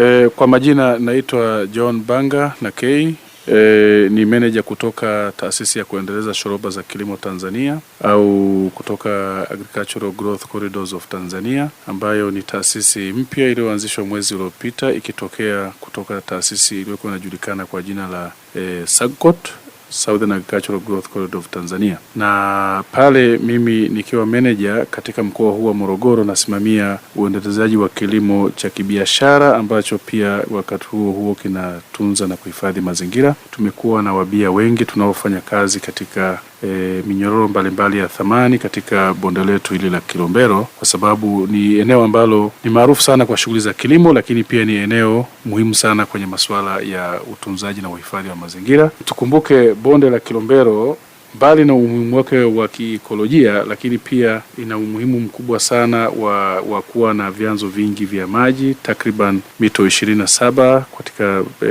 E, kwa majina naitwa John Banga na K. E, ni meneja kutoka taasisi ya kuendeleza shoroba za kilimo Tanzania au kutoka Agricultural Growth Corridors of Tanzania ambayo ni taasisi mpya iliyoanzishwa mwezi uliopita ikitokea kutoka taasisi iliyokuwa inajulikana kwa jina la e, SAGCOT Southern Agricultural Growth Corridor of Tanzania, na pale mimi nikiwa meneja katika mkoa huu wa Morogoro nasimamia uendelezaji wa kilimo cha kibiashara ambacho pia wakati huo huo kinatunza na kuhifadhi mazingira. Tumekuwa na wabia wengi tunaofanya kazi katika e, minyororo mbalimbali ya thamani katika bonde letu hili la Kilombero, kwa sababu ni eneo ambalo ni maarufu sana kwa shughuli za kilimo, lakini pia ni eneo muhimu sana kwenye masuala ya utunzaji na uhifadhi wa mazingira. Tukumbuke bonde la Kilombero Mbali na umuhimu wake wa kiikolojia, lakini pia ina umuhimu mkubwa sana wa, wa kuwa na vyanzo vingi vya maji takriban mito ishirini na saba katika e,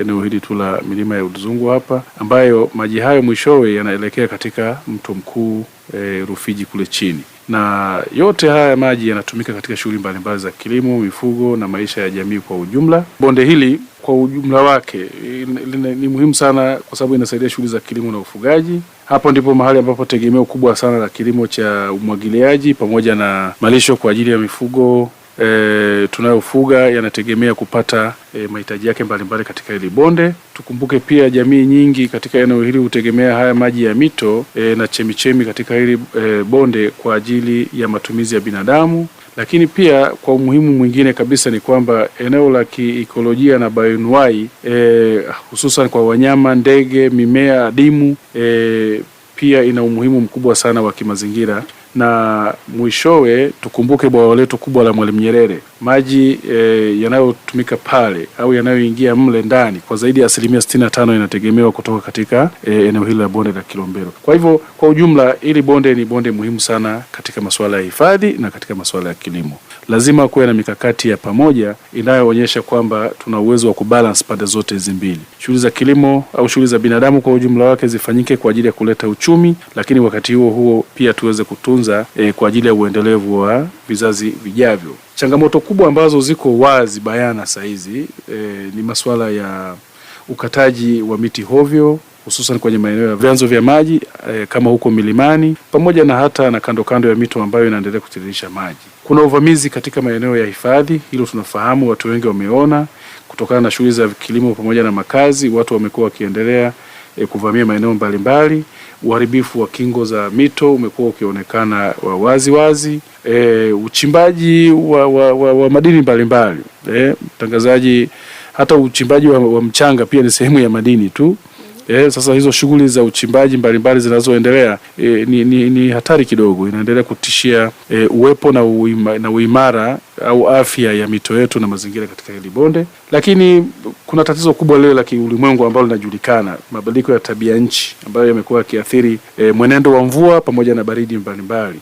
eneo hili tu la milima ya Udzungwa hapa, ambayo maji hayo mwishowe yanaelekea katika mto mkuu e, Rufiji kule chini na yote haya maji yanatumika katika shughuli mbalimbali za kilimo, mifugo na maisha ya jamii kwa ujumla. Bonde hili kwa ujumla wake ni muhimu sana kwa sababu inasaidia shughuli za kilimo na ufugaji. Hapo ndipo mahali ambapo tegemeo kubwa sana la kilimo cha umwagiliaji pamoja na malisho kwa ajili ya mifugo e, tunayofuga yanategemea kupata e, mahitaji yake mbalimbali katika hili bonde. Tukumbuke pia jamii nyingi katika eneo hili hutegemea haya maji ya mito e, na chemichemi katika hili e, bonde kwa ajili ya matumizi ya binadamu lakini pia kwa umuhimu mwingine kabisa ni kwamba eneo la kiikolojia na bayoanuai e, hususan kwa wanyama, ndege, mimea adimu e, pia ina umuhimu mkubwa sana wa kimazingira na mwishowe tukumbuke bwawa letu kubwa la Mwalimu Nyerere. Maji e, yanayotumika pale au yanayoingia mle ndani kwa zaidi ya asilimia tano inategemewa kutoka katika e, eneo hili la bonde la Kilombero. Kwa hivyo kwa ujumla, ili bonde ni bonde muhimu sana katika masuala ya hifadhi na katika masuala ya kilimo. Lazima kuwe na mikakati ya pamoja inayoonyesha kwamba tuna uwezo wa kubalance pande zote hizi mbili, shughuli za kilimo au shughuli za binadamu kwa ujumla wake zifanyike kwa ajili ya kuleta uchumi, lakini wakati huo huo pia tuweze kutunza kujifunza e, kwa ajili ya uendelevu wa vizazi vijavyo. Changamoto kubwa ambazo ziko wazi bayana sahizi hizi e, eh, ni masuala ya ukataji wa miti hovyo hususan kwenye maeneo ya vyanzo vya maji e, kama huko milimani pamoja na hata na kando kando ya mito ambayo inaendelea kutiririsha maji. Kuna uvamizi katika maeneo ya hifadhi, hilo tunafahamu, watu wengi wameona, kutokana na shughuli za kilimo pamoja na makazi, watu wamekuwa wakiendelea e, kuvamia maeneo mbalimbali. Uharibifu wa kingo za mito umekuwa ukionekana wazi wazi. E, uchimbaji wa, wa, wa, wa madini mbalimbali. E, mtangazaji, hata uchimbaji wa, wa mchanga pia ni sehemu ya madini tu. E, sasa hizo shughuli za uchimbaji mbalimbali zinazoendelea e, ni, ni, ni hatari kidogo, inaendelea kutishia e, uwepo na, uima, na uimara au afya ya mito yetu na mazingira katika hili bonde. Lakini kuna tatizo kubwa lile la kiulimwengu ambalo linajulikana, mabadiliko ya tabia nchi ambayo yamekuwa yakiathiri e, mwenendo wa mvua pamoja na baridi mbalimbali.